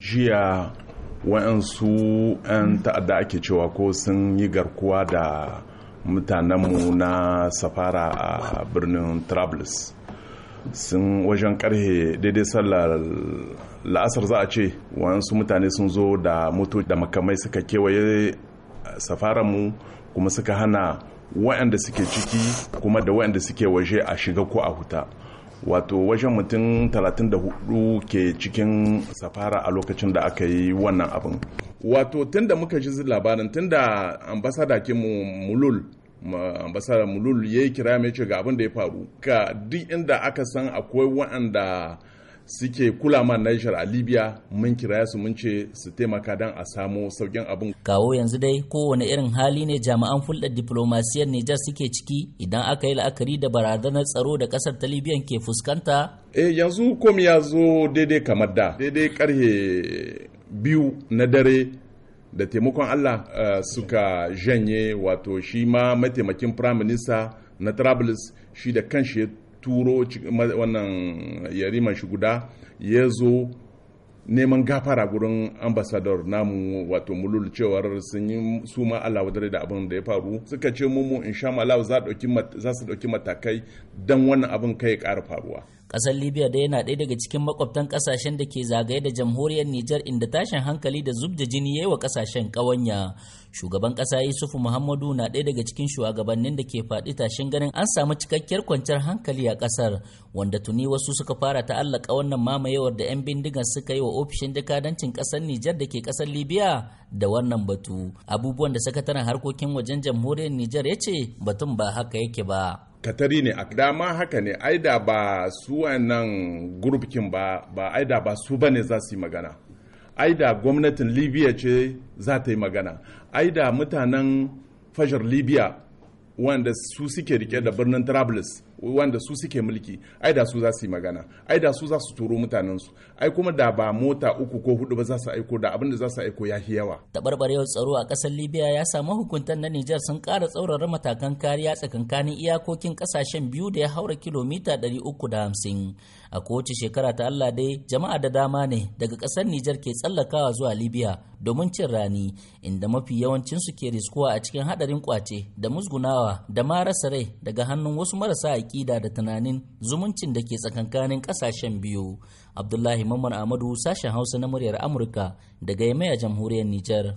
jiya wa'ansu 'yan ta'adda ake cewa ko sun yi garkuwa da mutanenmu na safara a birnin trablus sun wajen karhe daidai sallar la'asar za a ce wa'ansu mutane sun zo da moto da makamai suka kewaye safaranmu kuma suka hana wa'anda suke ciki kuma da wa'anda suke waje a shiga ko a huta wato wajen mutum 34 ke cikin safara a lokacin da aka yi wannan abin wato tun da muka ji labarin tun da ambasada ke mulul ambasada mulul ya yi kira mai ce ga abin da ya faru ka duk inda aka san akwai waɗanda suke kula ma Niger a Libya mun kira su mun ce su taimaka don a samu saukin abin. Kawo yanzu dai kowane irin hali ne jami'an hulɗar diplomasiyyar Niger suke ciki idan aka yi la'akari da barazanar tsaro da ƙasar ta Libya ke fuskanta? Eh yanzu komi ya zo daidai kamar da daidai karhe biyu na dare da taimakon Allah uh, suka janye wato shi ma mataimakin firaminista na Trablus shi da kanshi turo wannan yariman shi guda ya zo neman gafara gurin ambasador namu wato mulul cewar sun yi su ma Allah wadare da abin da ya faru suka ce mu in sha Allah za su dauki matakai don wannan abin kai ƙara faruwa ƙasar libya da yana ɗaya daga cikin makwabtan ƙasashen da ke zagaye da jamhuriyar niger inda tashin hankali da zub da jini yayi wa ƙasashen ƙawanya shugaban ƙasa yusufu muhammadu na ɗaya daga cikin shugabannin da ke faɗi tashin ganin an samu cikakkiyar kwanciyar hankali a ƙasar wanda tuni wasu suka fara ta'allaka wannan mamayewar da 'yan bindigar suka yi wa ofishin jakadancin ƙasar nijar da ke ƙasar libya da wannan batu abubuwan da sakataren harkokin wajen jamhuriyar nijar ya ce batun ba haka yake ba katari ne a dama haka ne aida ba su wannan gurbikin ba ba aida ba su bane za su yi magana ai da gwamnatin libya ce za ta yi magana ai da mutanen fashar libya wanda su suke rike da birnin trablus wanda su suke mulki ai da su za su yi magana ai da su za su turo mutanen su ai kuma da ba mota uku ko hudu ba za su aiko da abin da za su aiko ya fi yawa tabarbarewar tsaro a kasar libya ya samu hukuntan na nijar sun kara tsaurara matakan kariya tsakankanin iyakokin kasashen biyu da ya haura kilomita uku da hamsin a kowace shekara ta allah dai jama'a da dama ne daga kasar nijar ke tsallakawa zuwa libya domin cin rani inda mafi yawancinsu ke riskuwa a cikin hadarin kwace da musgunawa da marasa rai daga hannun wasu marasa aƙida da tunanin zumuncin da ke tsakankanin ƙasashen biyu abdullahi mamman amadu sashen hausa na muryar amurka daga a jamhuriyar nijar